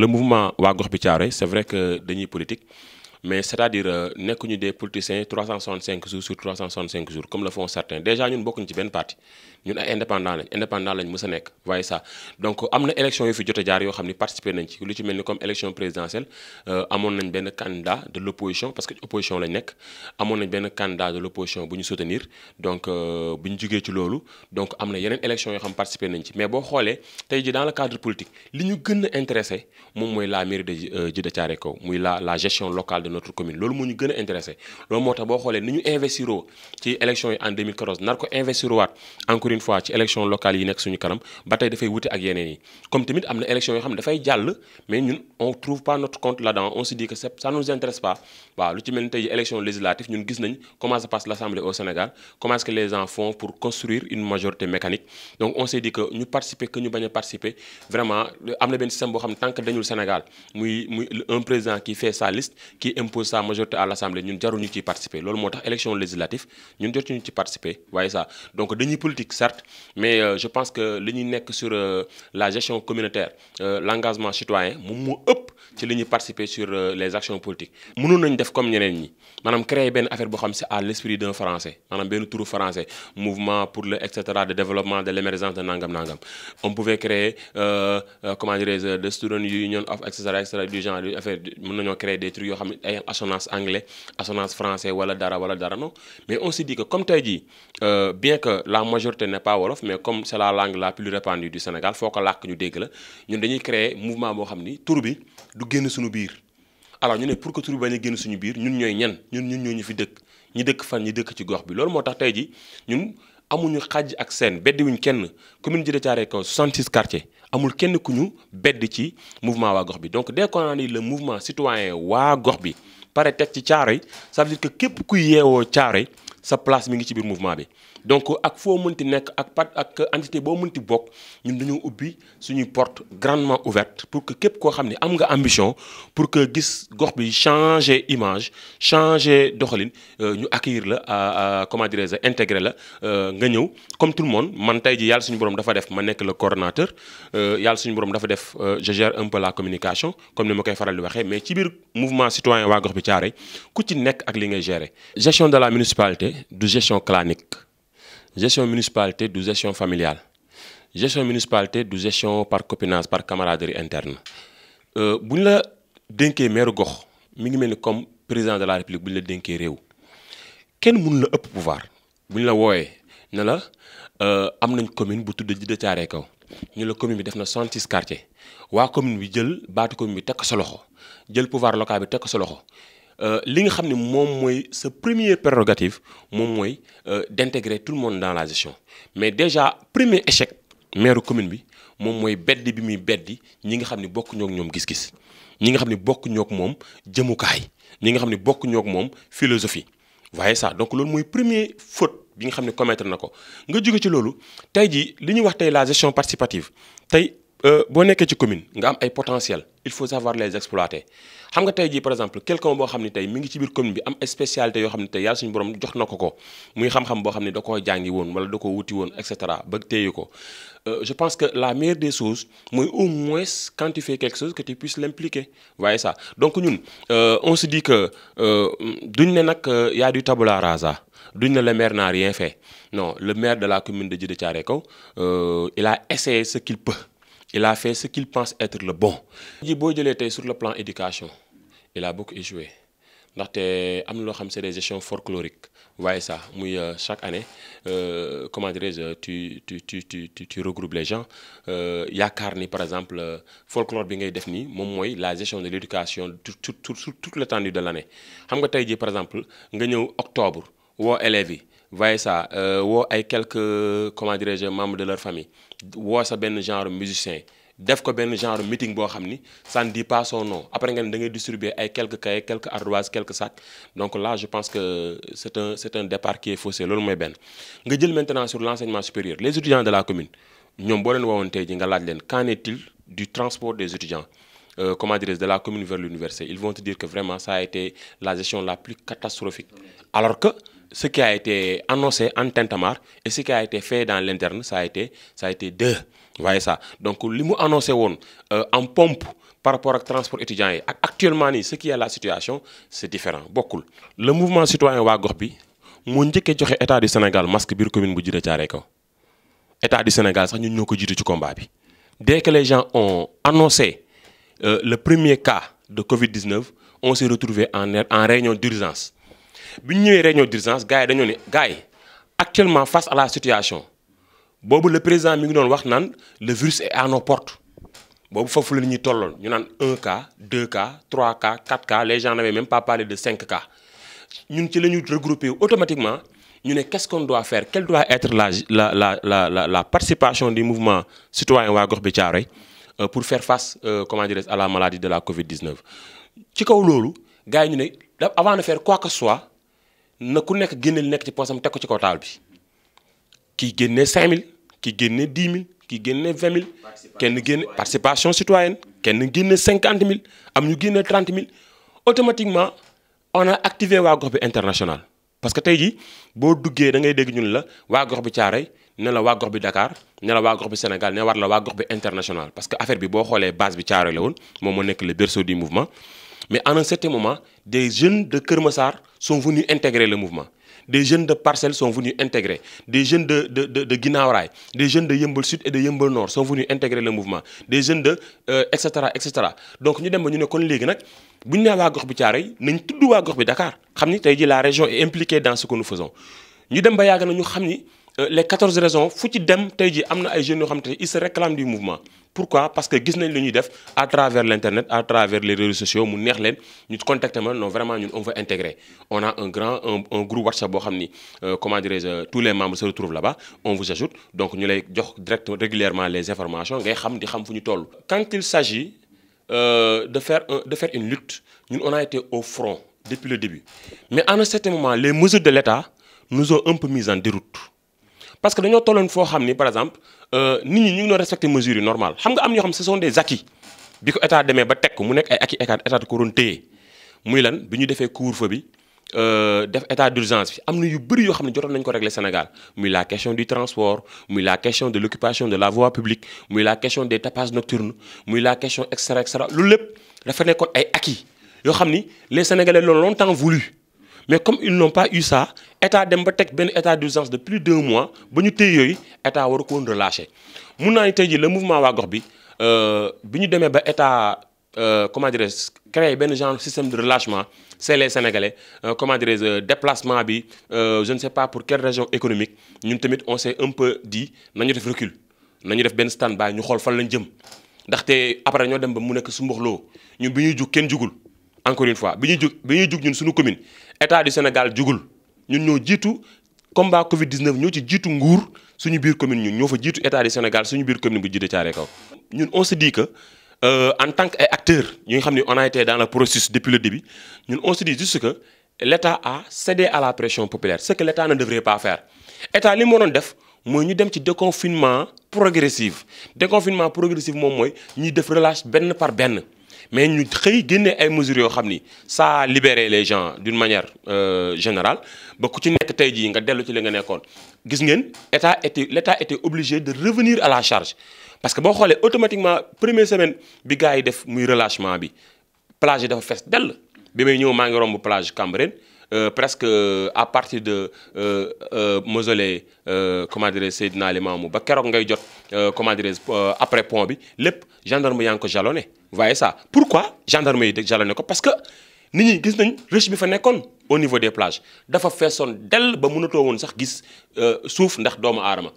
le mouvement Wagor Pichare, c'est vrai que Denis politique mais c'est-à-dire sommes euh, des politiciens 365 jours sur 365 jours comme le font certains déjà ñun sommes ci ben parti ñun ay indépendants. lañ indépendant lañ mës voyez ça donc euh, amna élection yu fi jotté a jaar yo xamni participer nañ ci lu ci melni comme élection présidentielle euh, amoon nañ ben candidat de l'opposition parce que opposition lañ nek amoon nañ ben candidat de l'opposition pour nous soutenir donc bu ñu jugee ci lolu donc amna yenen élection yo xam participer nañ ci mais bo xolé tay ji dans le cadre politique liñu gën intéressé moom moy la mairie de la la gestion locale de notre commune C'est ce qui nous a intéressé loolu moo tax boo xoolee ni ñu investiroo ci élection en 2014 nar ko investirowaat encore une fois ci élection locale yi nekk suñu kanam ba tey dafay wute ak yeneen yi comme tamit am na élection yoo xam ne mais ñun on trouve pas notre compte là-dedans on se dit que ça nous intéresse pas Bah, lu ci mel élection législative ñun gis nañ comment se passe l'Assemblée au Sénégal comment est-ce que les gens font pour construire une majorité mécanique donc on s'est dit que nous participer que nous bañ participer vraiment am na un système boo tant que dañul Sénégal muy un président qui fait sa liste qui impose sa majorité à l'Assemblée ñun devons y participer loolu moo tax élection législative Nous devons ci participer voyez ça donc dañuy politique certes mais euh, je pense que ce qui est sur euh, la gestion communautaire euh, l'engagement citoyen c'est ce qui ci participer sur les actions politiques mënoon nañ def comme ñeneen ñi avons créer une affaire boo xam c'est à l'esprit d'un français maanaam benn turu français mouvement pour le etc de développement de l'émergence de nangam nangam on pouvait créer comment dirais-je l'Union student union of etc etc., du genre affaire créer des trucs assonance anglais assonance français voilà, dara wala dara non mais on se dit que comme as dit, euh, bien que la majorité n'est pas wolof mais comme c'est la langue la plus répandue du Sénégal faut que l'arc nous dégg Nous avons créé un mouvement ni alors pour que nous avons nous nous ñun ñun amuñu xaj ak seen wuñ kenn commune Djiddah Thiaroye ko 66 quartiers amul kenn ku ñu bedd ci mouvement waa gox bi donc dès qu'on a dit le mouvement citoyen waa gox bi pare teg ci ça veut dire que képp kuy yeewoo Thiaroye sa place mi ci biir mouvement bi donc ak fo mënti nek ak pat ak entité bo mënti bok ñun dañoo ubbi suñu porte grandement ouverte pour que képp ko xamni am nga ambition pour que gis gox bi changer image changer doxalin euh, ñu accueillir la comment dirais ça, intégrer la euh, nga ñëw comme tout le monde man tay ji yàlla suñu borom dafa def ma nek le coordonnateur euh, yàlla suñu borom dafa def je gère un peu la communication comme ni ma koy faral di waxe mais ci bir mouvement citoyen wa gox bi Thiaroye ku ci nek ak li ngay gérer gestion de la municipalité du gestion clanique gestion municipalité de gestion familiale gestion municipalité gestion par copinage par camaraderie interne Si euh, vous la maire président de la république vous la vous Quel est pouvoir Si vous la une euh, commune de la commune bi def quartiers commune pouvoir local euh, li nga xam ne moom ce premier première prérogative moom mooy euh, d'intégrer tout le monde dans la gestion mais déjà premier échec maire commune bi moom mooy beddi bi muy beddi ñi nga xam ne bokk ñoog gis-gis ñi nga xam ne bokk ñoog moom jëmukaay ñi nga xam philosophie Voyez ça donc loolu mooy premier faute bi nga commettre n'importe quoi. nga jóge ci loolu tey ji li ñuy wax la gestion participative tey euh, boo nekkee ci commune nga am ay potentiel il faut savoir les exploiter xam nga par exemple quelqu'un qui est dans la commune bi am spécialité yoo xam ne tey yàlla suñu borom jox na ko ko muy xam-xam euh, je pense que la meilleure des choses c'est au moins quand tu fais quelque chose que tu puisses l'impliquer voyez ça donc ñun euh, on se dit que duñ ne y a du tabula rasa le maire n'a rien fait non le maire de la commune de Djidé Thiaroye il a essayé ce qu'il peut il a fait ce qu'il pense être le bon. ji boo sur le plan éducation il a beaucoup échoué Parce am des gestions folkloriques vous ça..! Euh, chaque année euh, comment dirais-je tu tu tu tu tu, regroupes les gens a euh, Yakarni, par exemple euh, folklore bi ngay def nii la gestion de l'éducation tout tout tout toute l'étendue de l'année xam nga par exemple nga en octobre on élèves voyez ça avec euh, ay quelques comment dirais-je membres de leur famille vous sa un genre musicien def ko un genre meeting ça ne dit pas son nom après nga ne ngay quelques cahiers quelques ardoises quelques sacs donc là je pense que c'est un c'est un départ qui est faussé loolu mooy benn nga jël maintenant sur l'enseignement supérieur les étudiants de la commune nous boo dit woowoon tey ji nga qu'en est-il du transport des étudiants Euh, comment dire, de la commune vers l'université. Ils vont te dire que vraiment, ça a été la gestion la plus catastrophique. Alors que ce qui a été annoncé en Tentamar et ce qui a été fait dans l'interne, ça a été, ça a été deux. Vous voyez ça Donc, ce qui annoncé euh, en pompe par rapport au transport étudiant, actuellement, ce qui est la situation, c'est différent. Beaucoup. Le mouvement citoyen Wagorbi, mon dit que l'État du Sénégal, masque bir commune de L'État du Sénégal, ça, nous avons dit combat. Dès que les gens ont annoncé euh, le premier cas de Covid-19, on s'est retrouvé en, en réunion d'urgence bi ñu ñëwee réunion d'urgence gars actuellement face à la situation si le président mi ngi le virus est à nos portes faut foofu la ñuy il ñu a un cas deux cas trois cas quatre cas les gens n'avaient même pas parlé de cinq cas Nous nous sommes automatiquement qu'est-ce qu'on doit faire quelle doit être la participation du mouvement citoyen ou euh, pour faire face euh, à la maladie de la Covid 19. avant de faire quoi que ce soit. Nous avons nekk génne li ci ko ci 5000 10 000 qui 20000, 20 000 participation citoyenne kenn 50 000 am ñu 30 000 automatiquement on a activé le groupe international. parce que si on a duggee da ngay ñun la gox bi la Dakar le la Sénégal ne war la international parce que affaire bi la base de la woon le berceau du mouvement. Mais en un certain moment, des jeunes de Kermessar sont venus intégrer le mouvement. Des jeunes de Parcelles sont venus intégrer. Des jeunes de, de, de, des jeunes de Yembol Sud et de Yembol Nord sont venus intégrer le mouvement. Des jeunes de... etc. Euh, etc. Donc nous avons dit que nous avons dit que la région est impliquée dans ce que nous faisons. Nous avons dit que nous euh, les 14 raisons il dem tay jeunes ils se réclament du mouvement pourquoi parce que gis nañ à travers l'internet, à travers les réseaux sociaux mu neex leen ma vraiment on veut intégrer on a un grand un, groupe WhatsApp euh, comment euh, tous les membres se retrouvent là-bas on vous ajoute donc ñu lay jox régulièrement les informations ngay xam di xam quand il s'agit de faire de faire une lutte nous on a été au front depuis le début mais à un certain moment les mesures de l'État nous ont un peu mis en déroute parce que nous avons foo xam par exemple euh, nit nous ñu mesures normales. Nous xam nga am ce sont des acquis Si l'État état il ba teg mu acquis état de ko doon téye muy lan bi ñu euh, état d'urgence bi avons na yu bëri yoo xam ne Sénégal muy la question du transport muy la question de l'occupation de la voie publique muy la question des tapages nocturnes muy la question etc. cetera ça, cetera loolu acquis les Sénégalais l'ont longtemps voulu mais comme ils n'ont pas eu ça état dem ba teg benn état d'urgence de plus de deux mois ba ñu téye yooyu état war ko relâché Nous naa ni le mouvement waa gox bi euh, bi ñu ba état euh, comment dirais créer ben benn genre système de relâchement c'est les sénégalais euh, comment dirais déplacement bi je ne sais pas pour quelle région économique ñun tamit on s'est un peu dit nañu def recul nañu def benn stand-by ñu xool fan lañ jëm ndaxte après ñoo dem ba mu nekk su mboxloo ñun bi ñuy Ken kenn jugul encore une fois bi ñuy jug bi ñuy jug ñun suñu commune état du Sénégal djugul ñun ñoo jitu combat Covid 19 ñoo ci jitu nguur suñu biir commune ñun ñoo fa jitu état du Sénégal suñu biir commune bu jiite ciaré kaw. ñun on se dit que euh, en tant que nous acteurs on a été dans le processus depuis le début ñun on se dit juste que l'état a cédé à la pression populaire ce que l'état ne devrait pas faire état li mu waroon def moy ñu dem ci déconfinement progressif déconfinement progressif mom moy ñi def relâche ben par ben mais nous avons pris ay mesures yoo ça a libéré les gens d'une manière euh, générale Si ku ci nekk tey jii nga dellu ci li nga gis ngeen état était l'état était obligé de revenir à la charge parce que boo xoolee automatiquement première semaine bi gens ont def muy relâchement bi plage est dafa fête dell bi may ñëw maa ngi romb plage Cameroun. Euh, presque euh, à partir de euh, mausolée comment dirais Seydina mamou ba kérok ngay jot comment dirais après pont bi lépp gendarme yaa ngi ko jalonné. vous voyez ça pourquoi gendarme yi de jalonné ko parce que nit ñi gis nañ riche bi fa nekkoon au niveau des plages dafa fesson del ba mënatoo won sax gis souf ndax doomu arama